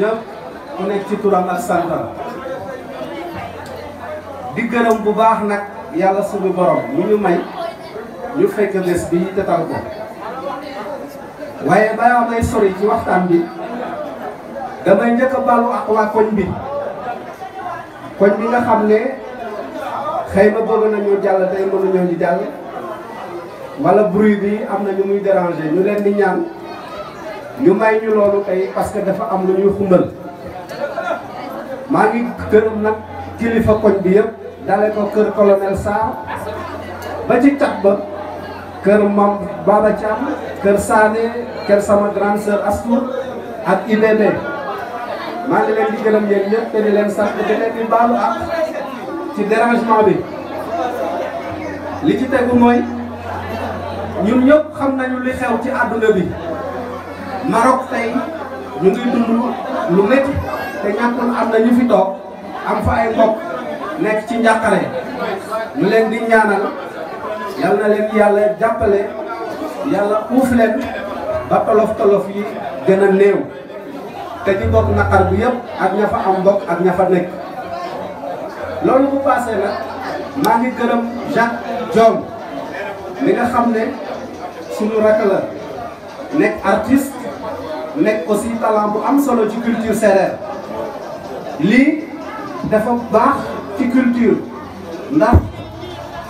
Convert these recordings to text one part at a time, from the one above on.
leen ñëpp ku di gërëm bu baax nag yàlla suñu borom mu ñu may ñu fekk bés bi te tal ko waaye balaa may sori ci waxtaan bi damay njëkk a baalu ak waa koñ bi koñ bi nga xam ne xëy na bëgg nañu jàll tey mënuñoo ñu jàll wala bruit bi am ñu muy déranger ñu leen di ñaan. ñu may ñu loolu tey parce que dafa am lu ñuy xumbal maa ngi gërëm nag kilifa koñ bi yëpp dale ko kër colonel Sarr ba ci tax ba kër mam Baba Thiam kër Sané kër sama grande sœur Astour ak Idéné maa ngi leen di gërëm yéen ñëpp te di leen sant te leen di baalu ak ci dérangement bi li ci tegu mooy ñun ñëpp xam nañu li xew ci àdduna bi Maroc tay ñu ngi dund lu metti te ñakul am na ñu fi tok am fa ay mbokk nek ci njàqare ñu leen di ñaanal yalla leen yalla jàppale yalla uuf leen ba tolof tolof yi gëna neew te ci bokk nakar bu yëpp ak ña fa am mbokk ak ña fa nek loolu bu passé nak ma ngi gëreum Jacques Diom li nga xam suñu rakala nek artiste nekk aussi talent bu am solo ci culture séeréer lii dafa baax ci culture ndax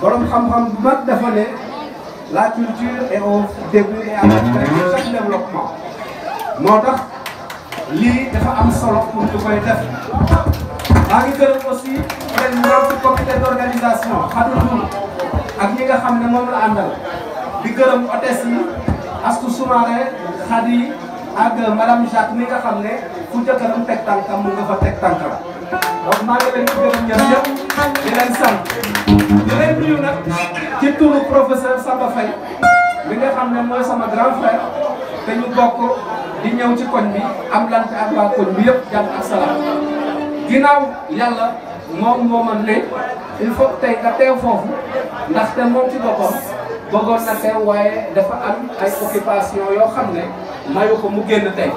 borom xam-xam bu mag dafa la culture est au début et à la fin de chaque développement moo tax lii dafa am solo pour ñu koy def maa ngi gërëm aussi président du comité d'organisation xatul ak ñi nga xam ne moom la àndal di gërëm hôtesse yi Astou Soumaré ak madame Jacques mi nga xam ne fu jëkkëram teg tànkam mu nga fa teg tànkam donc sant di leen nga xam ne mooy sama grand frère te ñu bokk di ñëw ci koñ bi am lante ak waa koñ bi yëpp jàmm ak salaam ginnaaw yàlla moom moo mën ne il faut tey nga teew foofu ndaxte moom ci boppam bëggoon na teew waaye dafa am ay occupation yoo xam ne mayu ko mu génn tey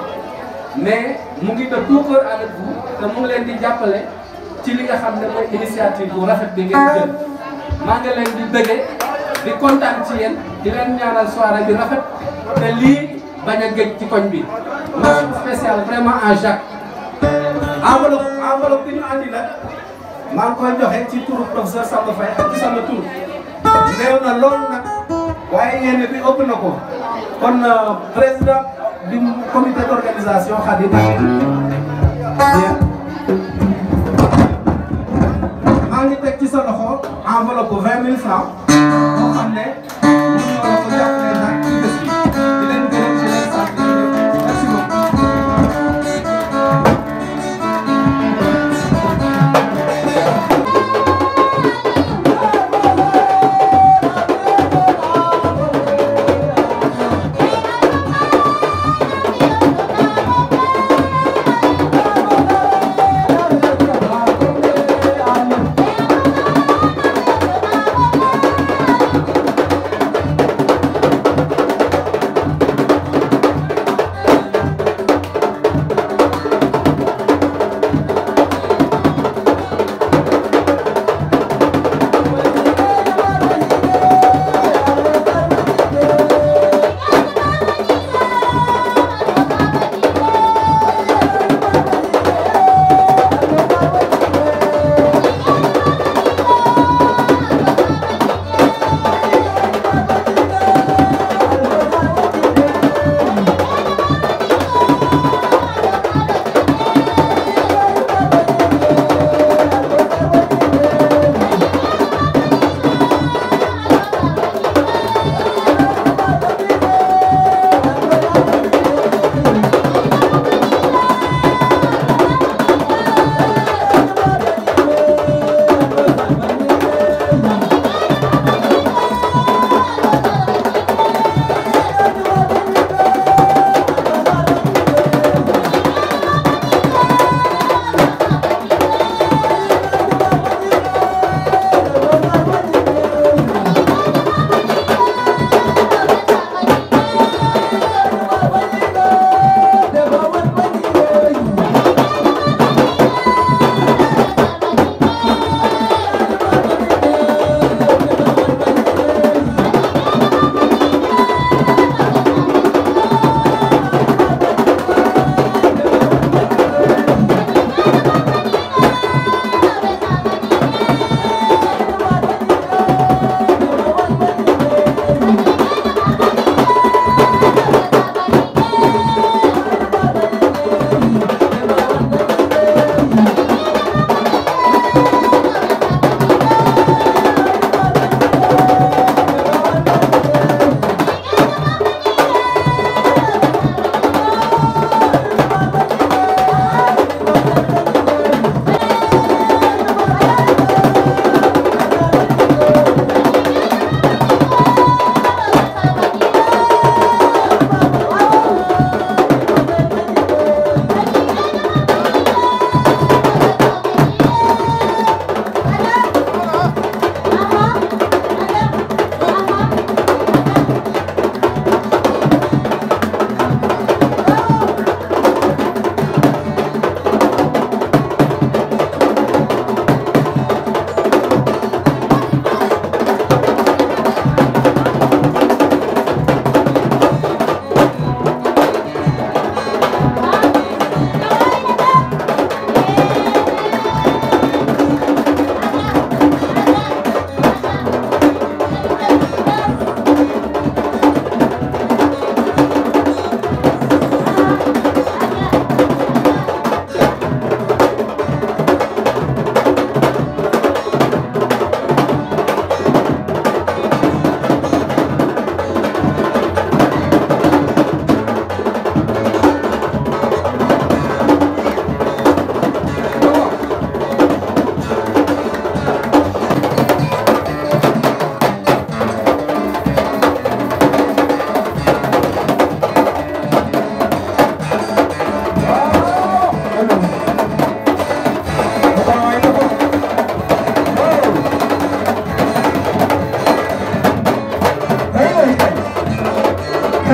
mais mu ngi de tout cœur avec vous te mu ngi leen di jàppale ci li nga xam ne mooy initiative bu rafet bi ngeen jël maa ngi leen di bëggee di kontaan ci yéen di leen ñaanal soirée bi rafet te lii bañ a géej ci koñ bi mention spéciale vraiment à Jacques enveloppe enveloppe bi ñu andi nag maa ngi koy joxe ci turu professeur Samba Faye ak ci sama tur néew loolu nag waaye yéen bi ëpp na ko kon euh, président du comité d'organisation Khadim maa ngi teg ci sa loxo enveloppe vingt mille francs boo xam ne ñun ñoo la ko jàppale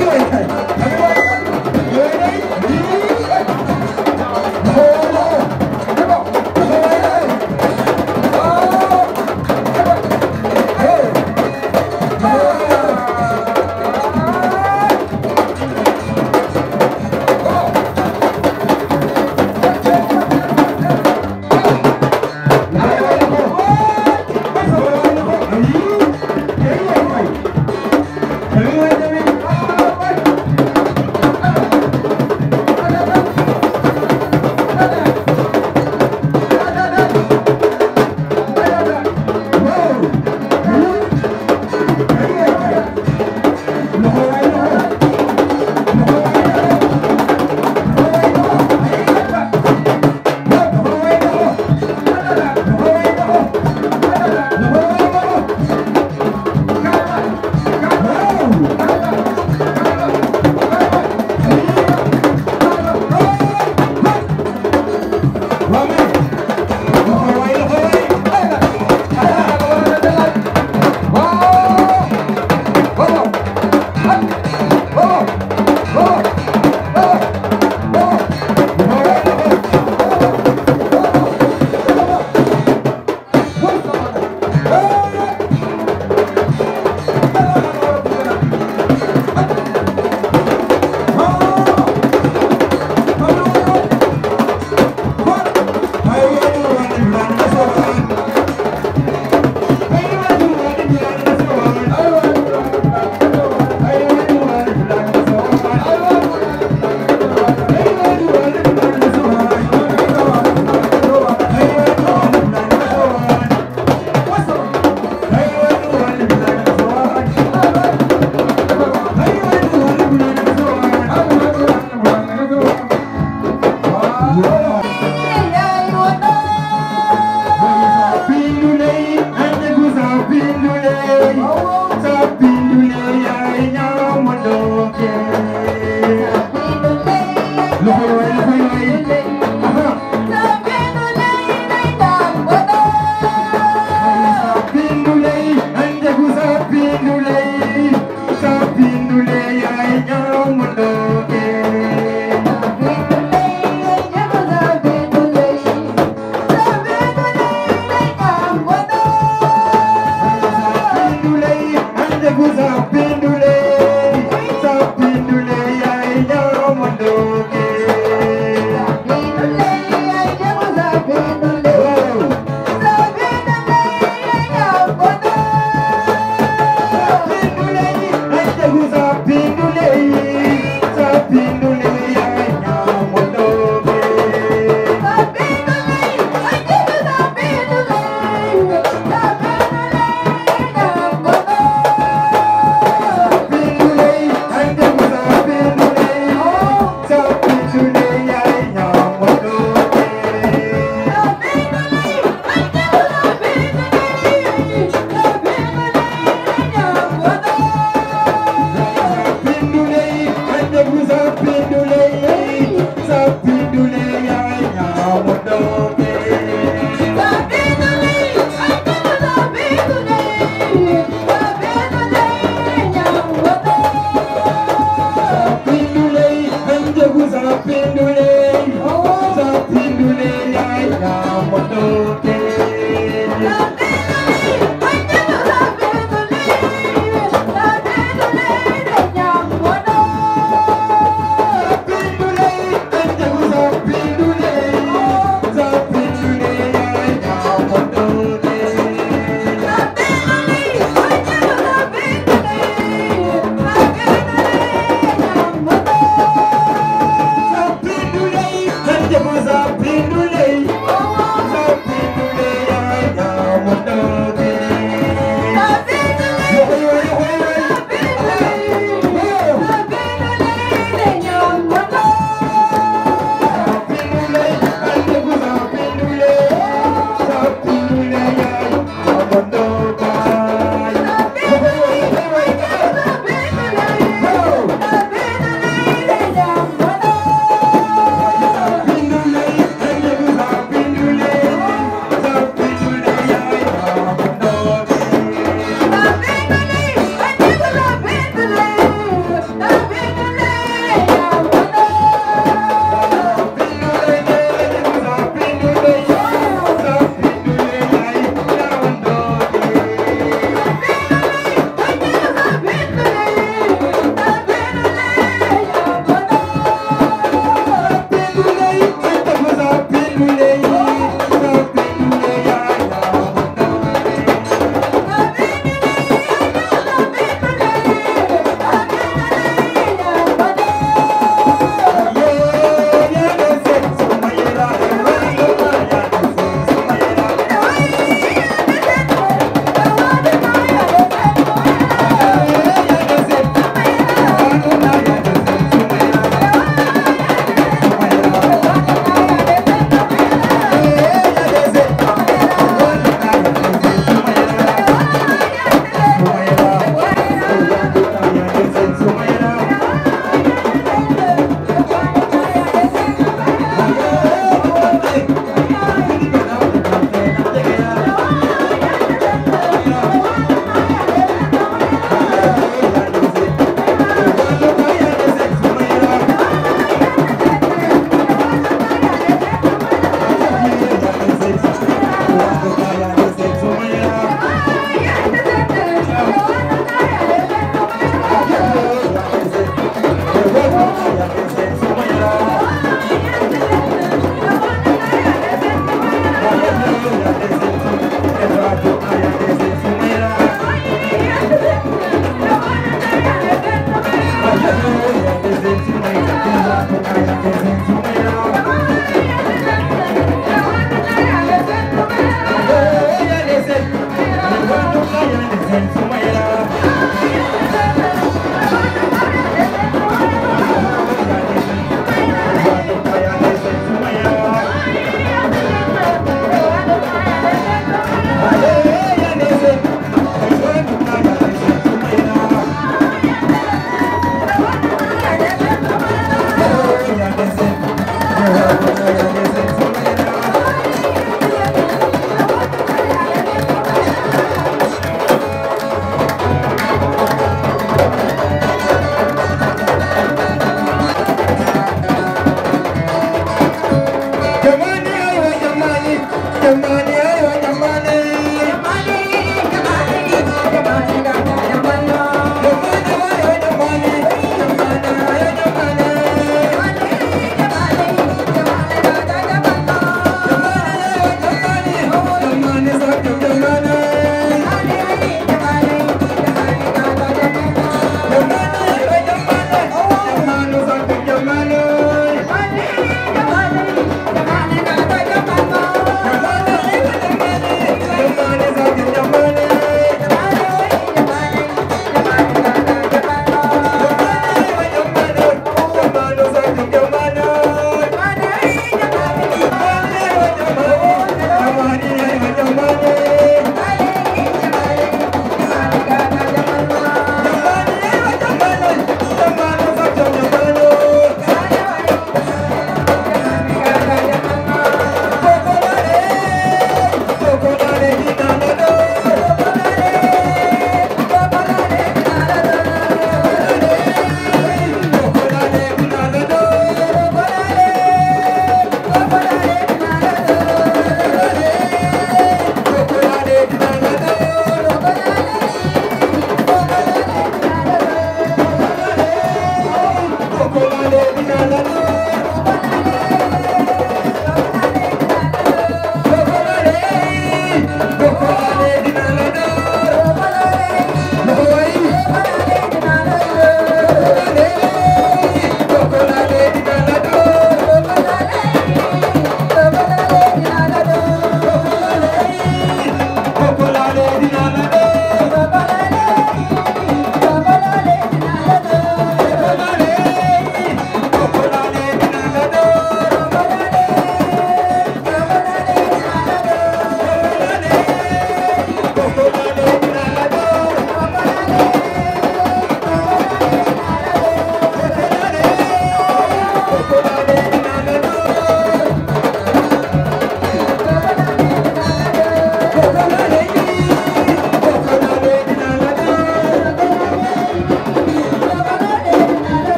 하기